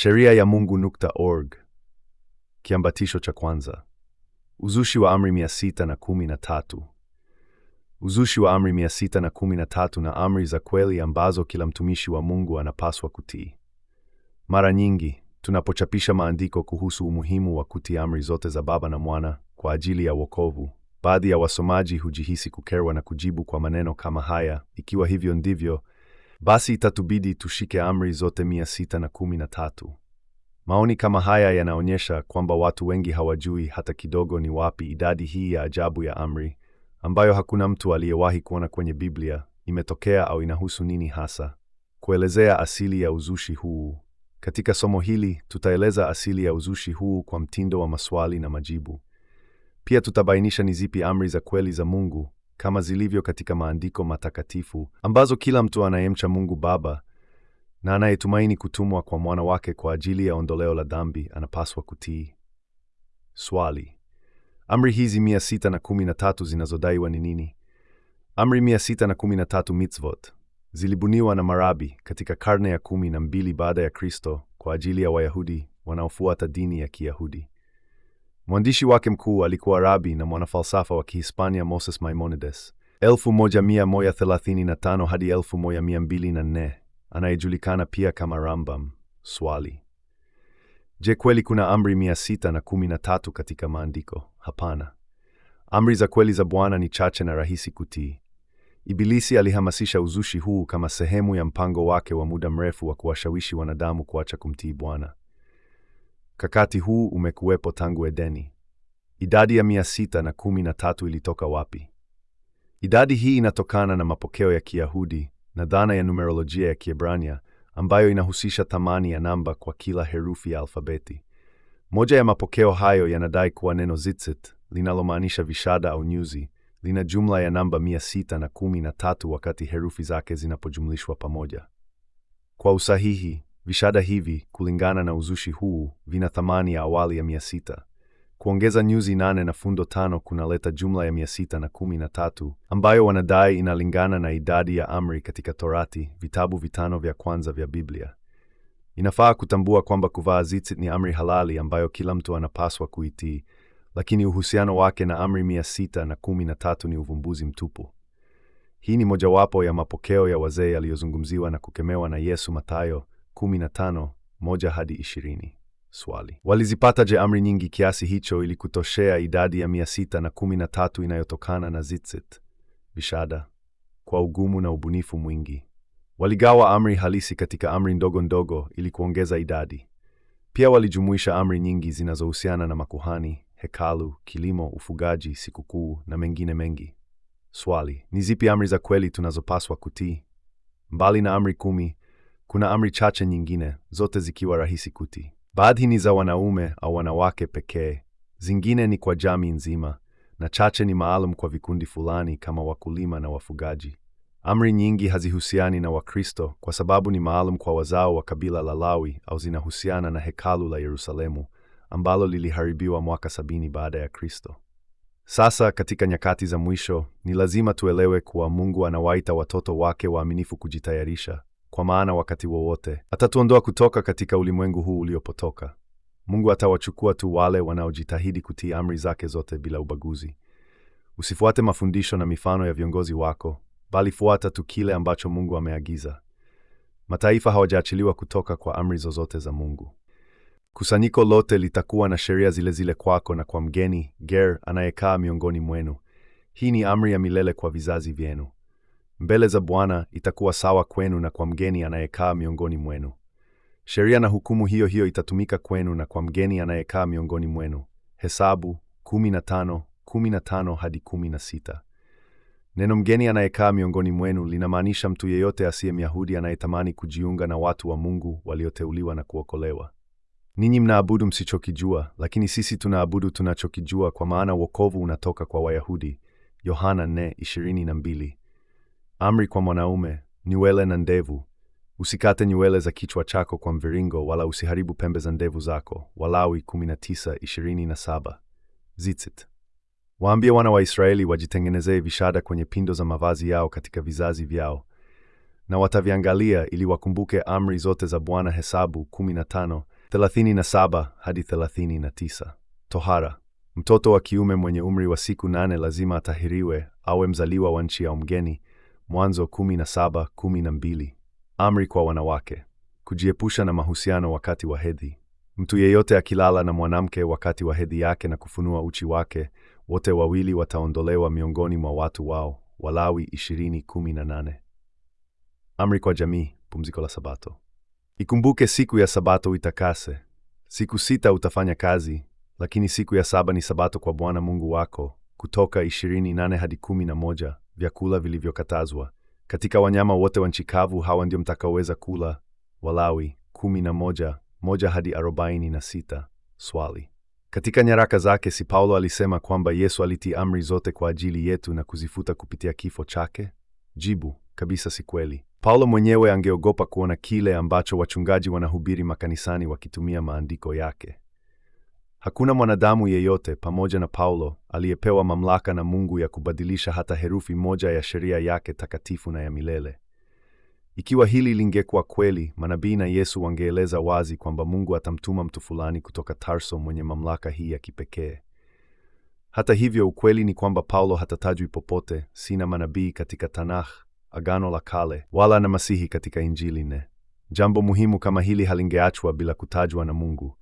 Sheria ya org. Kiambatisho cha kwanza. Uzushi wa amri tatu. Uzushi wa amri 613 na amri za kweli ambazo kila mtumishi wa Mungu anapaswa kutii. Mara nyingi tunapochapisha maandiko kuhusu umuhimu wa kutii amri zote za Baba na Mwana kwa ajili ya wokovu, baadhi ya wasomaji hujihisi kukerwa na kujibu kwa maneno kama haya, ikiwa hivyo ndivyo, basi itatubidi tushike amri zote 613. Maoni kama haya yanaonyesha kwamba watu wengi hawajui hata kidogo ni wapi idadi hii ya ajabu ya amri ambayo hakuna mtu aliyewahi kuona kwenye Biblia imetokea au inahusu nini hasa. Kuelezea asili ya uzushi huu. Katika somo hili tutaeleza asili ya uzushi huu kwa mtindo wa maswali na majibu. Pia tutabainisha ni zipi amri za kweli za Mungu kama zilivyo katika maandiko matakatifu ambazo kila mtu anayemcha Mungu Baba na anayetumaini kutumwa kwa mwana wake kwa ajili ya ondoleo la dhambi anapaswa kutii. Swali: amri hizi mia sita na kumi na tatu zinazodaiwa ni nini? Amri mia sita na kumi na tatu mitzvot zilibuniwa na marabi katika karne ya kumi na mbili baada ya Kristo kwa ajili ya Wayahudi wanaofuata dini ya Kiyahudi. Mwandishi wake mkuu alikuwa rabi na mwanafalsafa wa Kihispania Moses Maimonides 1135 hadi 1204 anayejulikana pia kama Rambam. Swali: je, kweli kuna amri 613 katika maandiko? Hapana. Amri za kweli za Bwana ni chache na rahisi kutii. Ibilisi alihamasisha uzushi huu kama sehemu ya mpango wake wa muda mrefu wa kuwashawishi wanadamu kuacha kumtii Bwana. Kakati huu umekuwepo tangu Edeni. Idadi ya mia sita na kumi na tatu ilitoka wapi? Idadi hii inatokana na mapokeo ya Kiyahudi na dhana ya numerolojia ya Kiebrania ambayo inahusisha thamani ya namba kwa kila herufi ya alfabeti. Moja ya mapokeo hayo yanadai kuwa neno zitzit linalomaanisha vishada au nyuzi lina jumla ya namba mia sita na kumi na tatu wakati herufi zake zinapojumlishwa pamoja. Kwa usahihi, Vishada hivi kulingana na uzushi huu vina thamani ya awali ya mia sita. Kuongeza nyuzi nane na fundo tano kunaleta jumla ya mia sita na kumi na tatu ambayo wanadai inalingana na idadi ya amri katika Torati, vitabu vitano vya kwanza vya Biblia. Inafaa kutambua kwamba kuvaa tzitzit ni amri halali ambayo kila mtu anapaswa kuitii, lakini uhusiano wake na amri mia sita na kumi na tatu ni uvumbuzi mtupu. Hii ni mojawapo ya mapokeo ya wazee yaliyozungumziwa na kukemewa na Yesu Mathayo 15:1 hadi ishirini. Swali: Walizipataje amri nyingi kiasi hicho ili kutoshea idadi ya 613 na inayotokana na Zitzit? Bishada: kwa ugumu na ubunifu mwingi. Waligawa amri halisi katika amri ndogo ndogo ili kuongeza idadi. Pia walijumuisha amri nyingi zinazohusiana na makuhani, hekalu, kilimo, ufugaji, sikukuu na mengine mengi. Swali: ni zipi amri za kweli tunazopaswa kutii? Mbali na amri kumi, kuna amri chache nyingine, zote zikiwa rahisi kuti Baadhi ni za wanaume au wanawake pekee, zingine ni kwa jamii nzima, na chache ni maalum kwa vikundi fulani kama wakulima na wafugaji. Amri nyingi hazihusiani na Wakristo kwa sababu ni maalum kwa wazao wa kabila la Lawi au zinahusiana na hekalu la Yerusalemu ambalo liliharibiwa mwaka sabini baada ya Kristo. Sasa katika nyakati za mwisho, ni lazima tuelewe kuwa Mungu anawaita watoto wake waaminifu kujitayarisha kwa maana wakati wowote atatuondoa kutoka katika ulimwengu huu uliopotoka. Mungu atawachukua tu wale wanaojitahidi kutii amri zake zote bila ubaguzi. Usifuate mafundisho na mifano ya viongozi wako, bali fuata tu kile ambacho Mungu ameagiza. Mataifa hawajaachiliwa kutoka kwa amri zozote za Mungu. Kusanyiko lote litakuwa na sheria zile zile kwako na kwa mgeni ger anayekaa miongoni mwenu. Hii ni amri ya milele kwa vizazi vyenu mbele za Bwana itakuwa sawa kwenu na kwa mgeni anayekaa miongoni mwenu. Sheria na hukumu hiyo hiyo itatumika kwenu na kwa mgeni anayekaa miongoni mwenu. Hesabu 15:15 hadi 16. Neno mgeni anayekaa miongoni mwenu linamaanisha mtu yeyote asiye Myahudi anayetamani kujiunga na watu wa Mungu walioteuliwa na kuokolewa. Ninyi mnaabudu msichokijua, lakini sisi tunaabudu tunachokijua, kwa maana wokovu unatoka kwa Wayahudi. Yohana 4:22. Amri kwa mwanaume: nywele na ndevu. Usikate nywele za kichwa chako kwa mviringo, wala usiharibu pembe za ndevu zako. Walawi 19:27. Zitzit. Waambie wana wa Israeli wajitengenezee vishada kwenye pindo za mavazi yao katika vizazi vyao, na wataviangalia ili wakumbuke amri zote za Bwana. Hesabu 15:37 hadi 39. Tohara. Mtoto wa kiume mwenye umri wa siku nane lazima atahiriwe, awe mzaliwa wa nchi ya mgeni Mwanzo 17:12. Amri kwa wanawake: kujiepusha na mahusiano wakati wa hedhi. Mtu yeyote akilala na mwanamke wakati wa hedhi yake na kufunua uchi wake, wote wawili wataondolewa miongoni mwa watu wao. Walawi 20:18. Amri kwa jamii: pumziko la Sabato. Ikumbuke siku ya Sabato itakase Siku sita utafanya kazi, lakini siku ya saba ni Sabato kwa Bwana Mungu wako. Kutoka 28 hadi 11 vyakula vilivyokatazwa. Katika wanyama wote wa nchi kavu, hawa ndio mtakaoweza kula. Walawi kumi moja hadi na sita. Swali: katika nyaraka zake si Paulo alisema kwamba Yesu alitii amri zote kwa ajili yetu na kuzifuta kupitia kifo chake? Jibu: kabisa, si kweli. Paulo mwenyewe angeogopa kuona kile ambacho wachungaji wanahubiri makanisani wakitumia maandiko yake. Hakuna mwanadamu yeyote pamoja na Paulo aliyepewa mamlaka na Mungu ya kubadilisha hata herufi moja ya sheria yake takatifu na ya milele. Ikiwa hili lingekuwa kweli, manabii na Yesu wangeeleza wazi kwamba Mungu atamtuma mtu fulani kutoka Tarso mwenye mamlaka hii ya kipekee. Hata hivyo, ukweli ni kwamba Paulo hatatajwi popote, si na manabii katika Tanakh, Agano la Kale, wala na Masihi katika Injili nne. Jambo muhimu kama hili halingeachwa bila kutajwa na Mungu.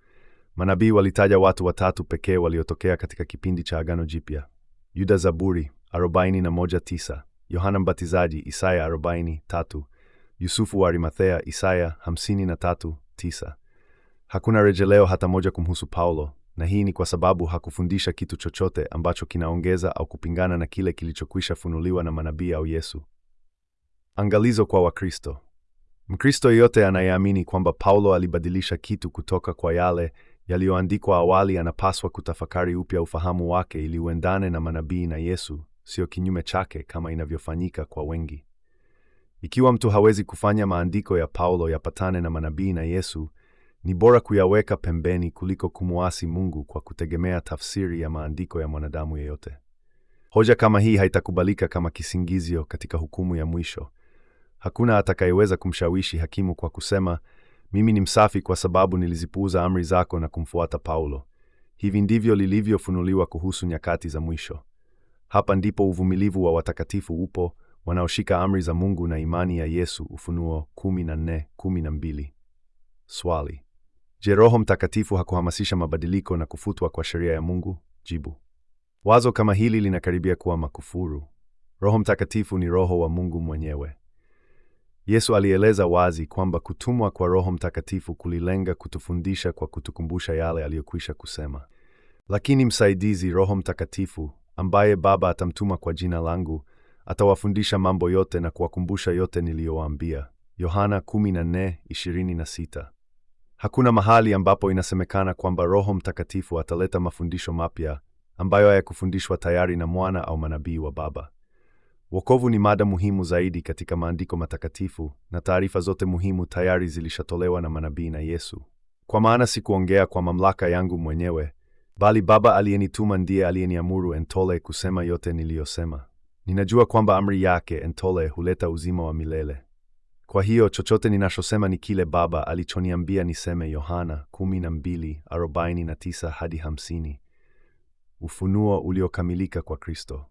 Manabii walitaja watu watatu pekee waliotokea katika kipindi cha Agano Jipya: Yuda Zaburi 41:9, Yohana Mbatizaji Isaya 40:3, Yusufu wa Arimathea Isaya 53:9. Hakuna rejeleo hata moja kumhusu Paulo, na hii ni kwa sababu hakufundisha kitu chochote ambacho kinaongeza au kupingana na kile kilichokwisha funuliwa na manabii au Yesu. Angalizo kwa Wakristo. Mkristo yeyote anayeamini kwamba Paulo alibadilisha kitu kutoka kwa yale yaliyoandikwa awali yanapaswa kutafakari upya ufahamu wake ili uendane na manabii na Yesu, sio kinyume chake kama inavyofanyika kwa wengi. Ikiwa mtu hawezi kufanya maandiko ya Paulo yapatane na manabii na Yesu, ni bora kuyaweka pembeni kuliko kumuasi Mungu kwa kutegemea tafsiri ya maandiko ya mwanadamu yeyote. Hoja kama hii haitakubalika kama kisingizio katika hukumu ya mwisho. Hakuna atakayeweza kumshawishi hakimu kwa kusema mimi ni msafi kwa sababu nilizipuuza amri zako na kumfuata Paulo. Hivi ndivyo lilivyofunuliwa kuhusu nyakati za mwisho. Hapa ndipo uvumilivu wa watakatifu upo wanaoshika amri za Mungu na imani ya Yesu. Ufunuo 14:12. Swali: Je, Roho Mtakatifu hakuhamasisha mabadiliko na kufutwa kwa sheria ya Mungu? Jibu: wazo kama hili linakaribia kuwa makufuru. Roho Mtakatifu ni Roho wa Mungu mwenyewe. Yesu alieleza wazi kwamba kutumwa kwa Roho Mtakatifu kulilenga kutufundisha kwa kutukumbusha yale aliyokwisha kusema. Lakini msaidizi, Roho Mtakatifu, ambaye Baba atamtuma kwa jina langu, atawafundisha mambo yote na kuwakumbusha yote niliyowaambia. Yohana 14:26. Hakuna mahali ambapo inasemekana kwamba Roho Mtakatifu ataleta mafundisho mapya ambayo hayakufundishwa tayari na Mwana au manabii wa Baba. Wokovu ni mada muhimu zaidi katika maandiko matakatifu na taarifa zote muhimu tayari zilishatolewa na manabii na Yesu. Kwa maana sikuongea kwa mamlaka yangu mwenyewe, bali Baba aliyenituma ndiye aliyeniamuru entole kusema yote niliyosema. Ninajua kwamba amri yake entole huleta uzima wa milele. Kwa hiyo chochote ninachosema ni kile Baba alichoniambia niseme, Yohana 12:49 hadi 50, ufunuo uliokamilika kwa Kristo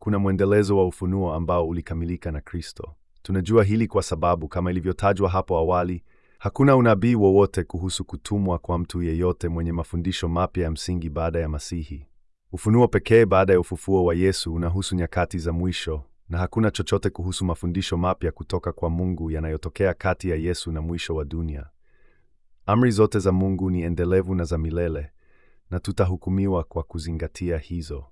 kuna mwendelezo wa ufunuo ambao ulikamilika na Kristo. Tunajua hili kwa sababu kama ilivyotajwa hapo awali, hakuna unabii wowote kuhusu kutumwa kwa mtu yeyote mwenye mafundisho mapya ya msingi baada ya Masihi. Ufunuo pekee baada ya ufufuo wa Yesu unahusu nyakati za mwisho, na hakuna chochote kuhusu mafundisho mapya kutoka kwa Mungu yanayotokea kati ya Yesu na mwisho wa dunia. Amri zote za Mungu ni endelevu na za milele, na tutahukumiwa kwa kuzingatia hizo.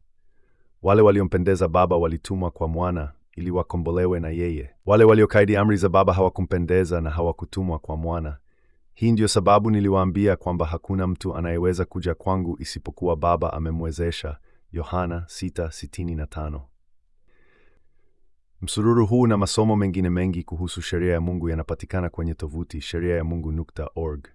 Wale waliompendeza Baba walitumwa kwa Mwana ili wakombolewe na yeye. Wale waliokaidi amri za Baba hawakumpendeza na hawakutumwa kwa Mwana. Hii ndiyo sababu niliwaambia kwamba hakuna mtu anayeweza kuja kwangu isipokuwa Baba amemwezesha. Yohana 6:65. Msururu huu na masomo mengine mengi kuhusu sheria ya Mungu yanapatikana kwenye tovuti sheria ya mungu.org.